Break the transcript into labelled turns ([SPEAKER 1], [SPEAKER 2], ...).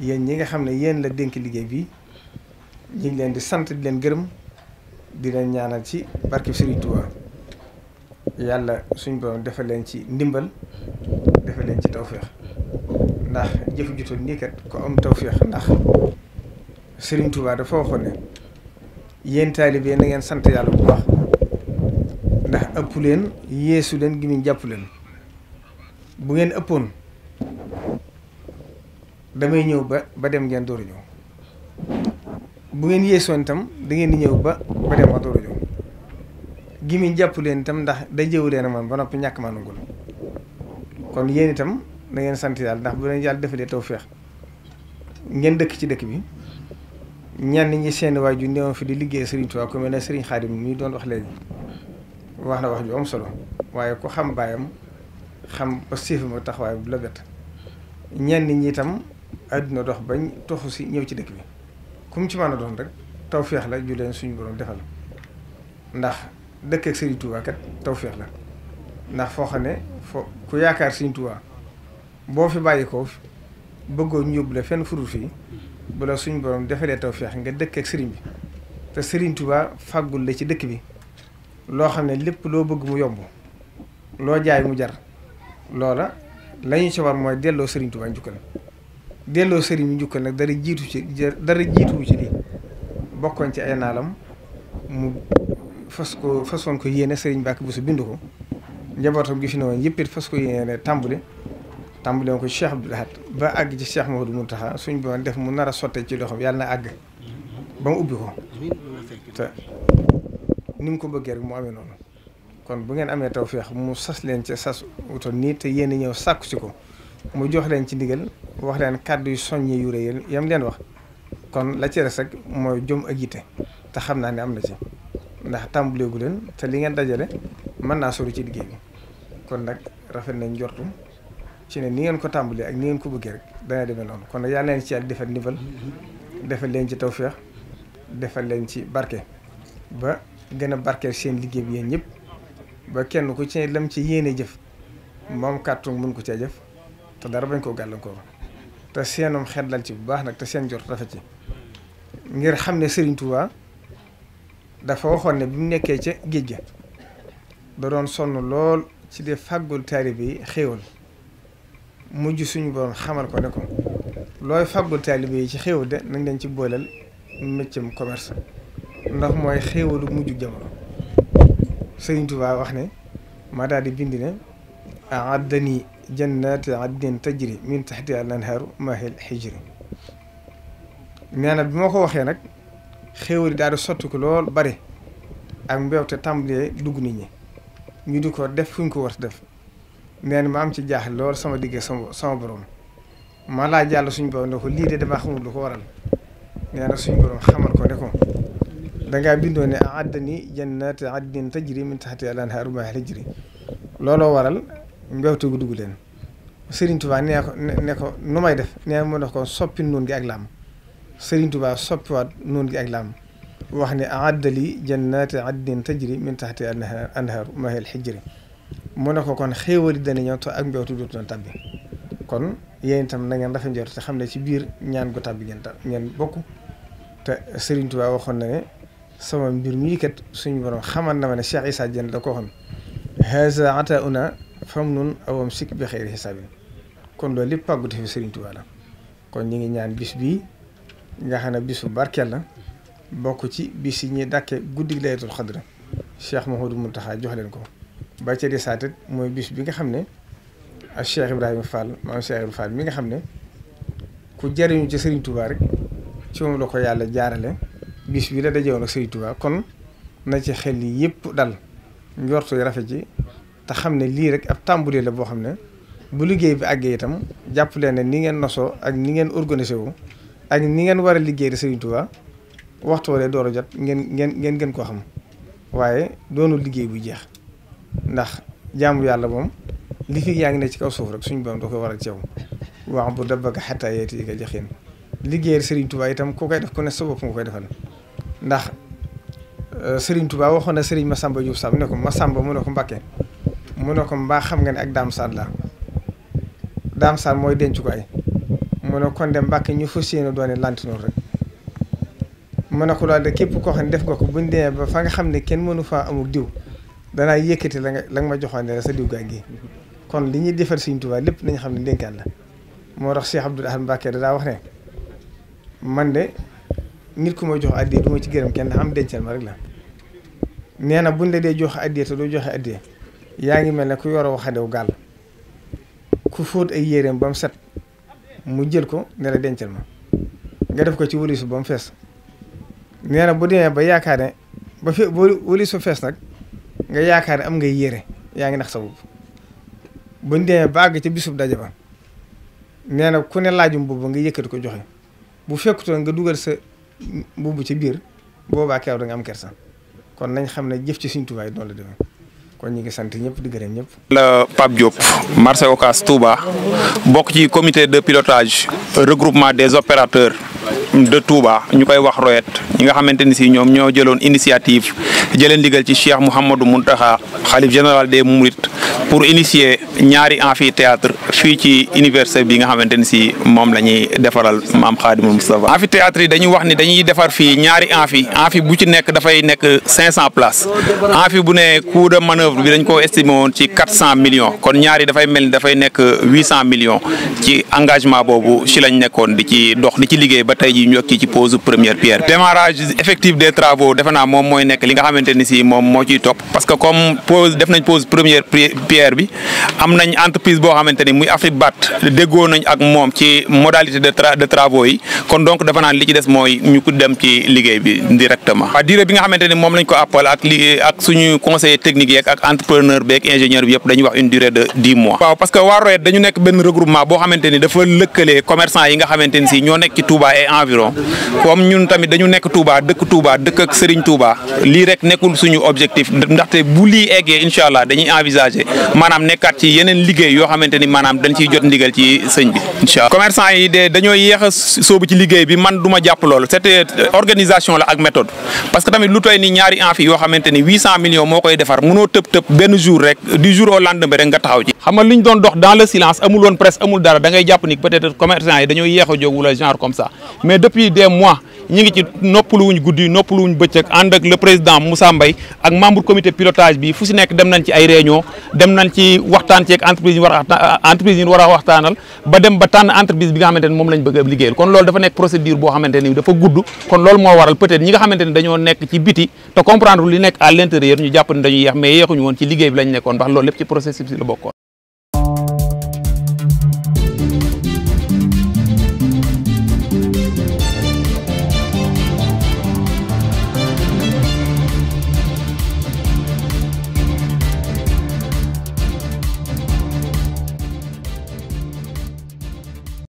[SPEAKER 1] yéen ñi nga xam ne yéen la dénk liggéey bi ñu ngi leen di sant di leen gërëm di leen ñaanal ci barke Serigne Touba yàlla suñ borom defal leen ci ndimbal defal leen ci tawféex ndax jëf jutul nii kat ko am tawféex ndax Serigne Touba dafa waxoon ne yéen taalibe na ngeen sant yàlla bu baax ndax ëpp leen yeesu leen gi ñu jàpp leen bu ngeen ëppoon. damay ñëw ba ba dem ngeen door a ñëw bu ngeen yéesoon itam da ngeen di ñëw ba ba dem wax door ñëw gimiñ jàpp leen itam ndax day jëwu leen a ba noppi ñàkk maa nangul kon yéen itam dangeen ngeen sant yàlla ndax bu leen yàlla defalee tawfeex ngeen dëkk ci dëkk bi ñenn ñi seen waay ju newoon fi di liggéey Serigne Touba ku mel ne Serigne Khadim mi doon wax léegi wax na wax ju solo waaye ko xam baayam xam ba siif ma taxawaay bu la bett ñenn ñi itam àdduna dox bañ toxu si ñëw ci dëkk bi kum ci mën a doon rek tawféex la ju suñu borom defal ndax dëkk ak Serigne Touba kat tawféex la ndax foo xam ne fo ku yaakaar Serigne Touba boo fi bàyyi ko bëggoo ñu yóbbu la fenn furul fii bu la suñu borom defalee tawféex nga dëkk ak Serigne bi te Serigne Touba fàggul la ci dëkk bi loo xam ne lépp loo bëgg mu yomb loo jaay mu jar loola la ñu war mooy delloo Serigne Touba njukkal. delloo sëriñ bi njukkal nag dara jiitu ci dara jiituwu ci lii bokkoon ci ay naalam mu fas ko fasoon ko yéene sëriñ Mbàkke Buso bind ko njabootam gi fi ne yëpp it ko yéene tàmbali tàmbali woon ko Cheikh Abdoul ba àgg ci Cheikh Maodo Mountakha suñ boon def mu nar a sottee ci loxoom yàlla na àgg ba mu ubbi ko te ni mu ko bëggee rek mu amee noonu kon bu ngeen amee taw feex mu sas leen ci sas wutoon nii te yéen ñëw sàkku ci ko mu jox leen ci ndigal wax leen kàddu yu soññee yu rëy yam leen wax kon la ci res mooy jom ak yitte te xam naa ne am na ci ndax tàmbaleegu leen te li ngeen dajale mën naa sori ci liggéey bi kon nag rafet nañ njortu ci ne ni ngeen ko tàmbalee ak ni ngeen ko bëggee rek dana demee noonu kon nag yàlla leen ci yàlla defal ndimbal defal leen ci feex defal leen ci barke ba gën a barkeel seen liggéey bi yéen ñëpp ba kenn ku ci lam ci yéene jëf moom kàttu mun ko cee jëf te dara bañ koo gàllankoor te seenoom xel dal ci bu baax nag te seen jot rafet ci ngir xam ne Serigne Touba dafa waxoon ne bi mu nekkee ca géej ga da doon sonn lool ci def fàggul taalibe yi xéewal mujj suñu borom xamal ko ne ko looy fàggul taalibe yi ci xéewal de nañ leen ci booleel méccam commerce ndax mooy xéewalu mujj jamono Serigne Touba wax ne maa daal di bind ne ahaddani jannaati addin tajri min taxtiha al anhaaru maahil xijri nee na bi ma ko waxee nag xéwal daal di sotti ko lool bare ak mbewte tàmbalee dugg nit ñi ñu di ko def fu ñu ko war def nee na ma am ci jaaxle lool sama digge sama sama borom ma laaj yàlla suñu borom ne ko lii de damaa xamul lu ko waral nee na suñu borom xamal ko ne ko dangaa bindoo ne addani jannaati addin tajri min taxtiha al anhaaru maahil xijri looloo waral. mbewte gu dugg leen Serigne Touba nee ko ne ko nu may def nee mu ne ko soppi noon gi ak laam Serigne Touba soppiwaat noon gi ak laam wax ne addali jannati addin te min taxti anhaaru mahel xijri mu ne ko kon xéewali dana ñëw te ak mbewtu dootu doon tàbbi kon yéen itam na ngeen dafa njort te xam ne ci biir ñaan gu tàbbi ngeen ta ngeen bokk te Serigne tubaa waxoon na ne sama mbir mii kat suñu borom xamal na ma ne Cheikh Issa Dieng la ko waxoon haza ata una fam nun awam sikk bi xëyri xisaabin kon loolu lépp pàggute fi Serigne Touba la kon ñu ngi ñaan bis bii nga xam ne bisu barkeel la bokk ci bis yi ñuy dàkke guddi laylatul xadra Cheikh Mouhamadou Mountakha jox leen ko ba ca desaatit mooy bis bi nga xam ne ak Cheikh Ibrahima Fall maam Cheikh Ibrahima Fall mi nga xam ne ku jariñu ci Serigne tubaa rek ci moom la ko yàlla jaarale bis bi la dajewoon ak Serigne Touba kon na ci xel yi yëpp dal njortu rafet ci te xam ne lii rek ab tàmbali la boo xam ne bu liggéey bi àggee itam jàpp leen ne ni ngeen nosoo ak ni ngeen organisé wu ak ni ngeen war a liggéey de Serigne Touba waxtu wala a jot ngeen ngeen ngeen gën xam waaye doonul liggéey bu jeex ndax jaamu yàlla moom li yaa ngi ne ci kaw suuf rek suñu borom da koy waral ci yow waaw bu dabbaka xataa yeeti yi nga joxeen liggéeyal itam ku koy def ku ne sa bopp nga koy defal ndax euh, Serigne Touba waxoon na sëriñ ma Massamba Diouf Samb ne ko Massamba mu ne ko Mbacke mu ne ko mbaa xam nga ne ak daam saat la mooy denc ko ay mu ne kon de mbàkk ñu fas yéene doone lantinoor rek mu ne ko loolu de képp koo xam ne def nga ko buñ demee ba fa nga xam ne kenn mënu faa amul diw danaa yëkkati la nga la nga ma joxoon ne la sa kon li ñuy defal Sëriñ lépp nañu xam ne dénkaan la moo tax Cheikh Abdoul Ahad Mbacké da daa wax ne man de nit ku ma jox addiya du ma ci gërëm kenn am dencal ma rek la nee na buñ la dee jox addiya te doo joxe addiya yaa ngi mel ne ku yor wu gàll ku fóot ay yéreem ba mu set mu jël ko ne la dencal ma nga def ko ci walisu ba mu fees nee bu demee ba yaakaar ne ba fe ba fees nag nga yaakaar ne am ngay yére yaa ngi nax sa buñ demee ba àgg ca bisub daje ba nee na ku ne laajum boobu nga yëkkati ko joxe bu fekkutoon nga dugal sa mbubb ci biir boobaa keew da nga am kersa kon nañ xam ne jëf ci Sëriñ Tuubaa noonu la demee kon ñu ngi sant ñëpp di gërëm ñëpp.
[SPEAKER 2] la Pape Diop marché bokk ci commité de pilotage regroupement des opérateurs de Touba ñu koy wax Royet ñi nga xamante ni si ñoom ñoo jëloon initiative jëleen digal ci Cheikh mun Mountakha xalif général des Mourides. pour initier ñaari amphithéâtre fii ci université bi nga xamante si moom la ñuy defaral maam Xaadimul Moustapha. amphithéâtre yi dañuy wax ni dañuy defar fii ñaari amphi amphi bu ci nekk dafay nekk 500 places amphi bu ne coût de manœuvre ko estimé woon ci 400 millions kon ñaari dafay mel ni dafay nekk 800 millions ci engagement boobu ci lañ nekkoon di ci dox di ci liggéey ba tey jii ñu ci pose première pierre. démarrage effectif des moom mooy nekk li nga xamante ni si moom moo ciy topp parce que comme pose def nañ pose première pierre. pierre bi am nañ entreprise boo xamante muy Afrique bat déggoo ak moom ci modalité de travaux yi kon donc dafa naan li ci des mooy ñu ko dem ci liggéey bi directement. waaw durée bi nga xamante ni moom lañ ko appal ak liggéey ak suñu conseiller technique yeeg ak entrepreneur bi yëpp dañuy wax dañu nekk maanaam nekkaat ci yeneen liggéey yoo xamante ni maanaam dañ ciy jot ndigal ci sëñ bi incha allah yi de dañoo yéex a ci liggéey bi man du ma jàpp loolu c'était euh, organisation la ak méthode parce que tamit lu toy ni ñaari amphi yoo xamante ni huit moo koy defar mënoo tëb tëb benn jour rek du jour au lendemain rek nga taxaw ci xam nga liñ doon dox dans le silence amul woon presse amul dara da jàpp ni peut-être yi dañoo yéex a dem nañ a euh, a ba dem a liggéeyal kon loolu dafa nekk procédure boo xamante dafa gudd kon loolu moo waral peut ñi nga xamante ni dañoo nekk ci biti te comprendre li nekk à l'intérieur ñu jàpp ne dañuy yeex mais yeexuñu woon ci liggéey bi lañ nekkoon ndax loolu lépp ci processus la bokkoon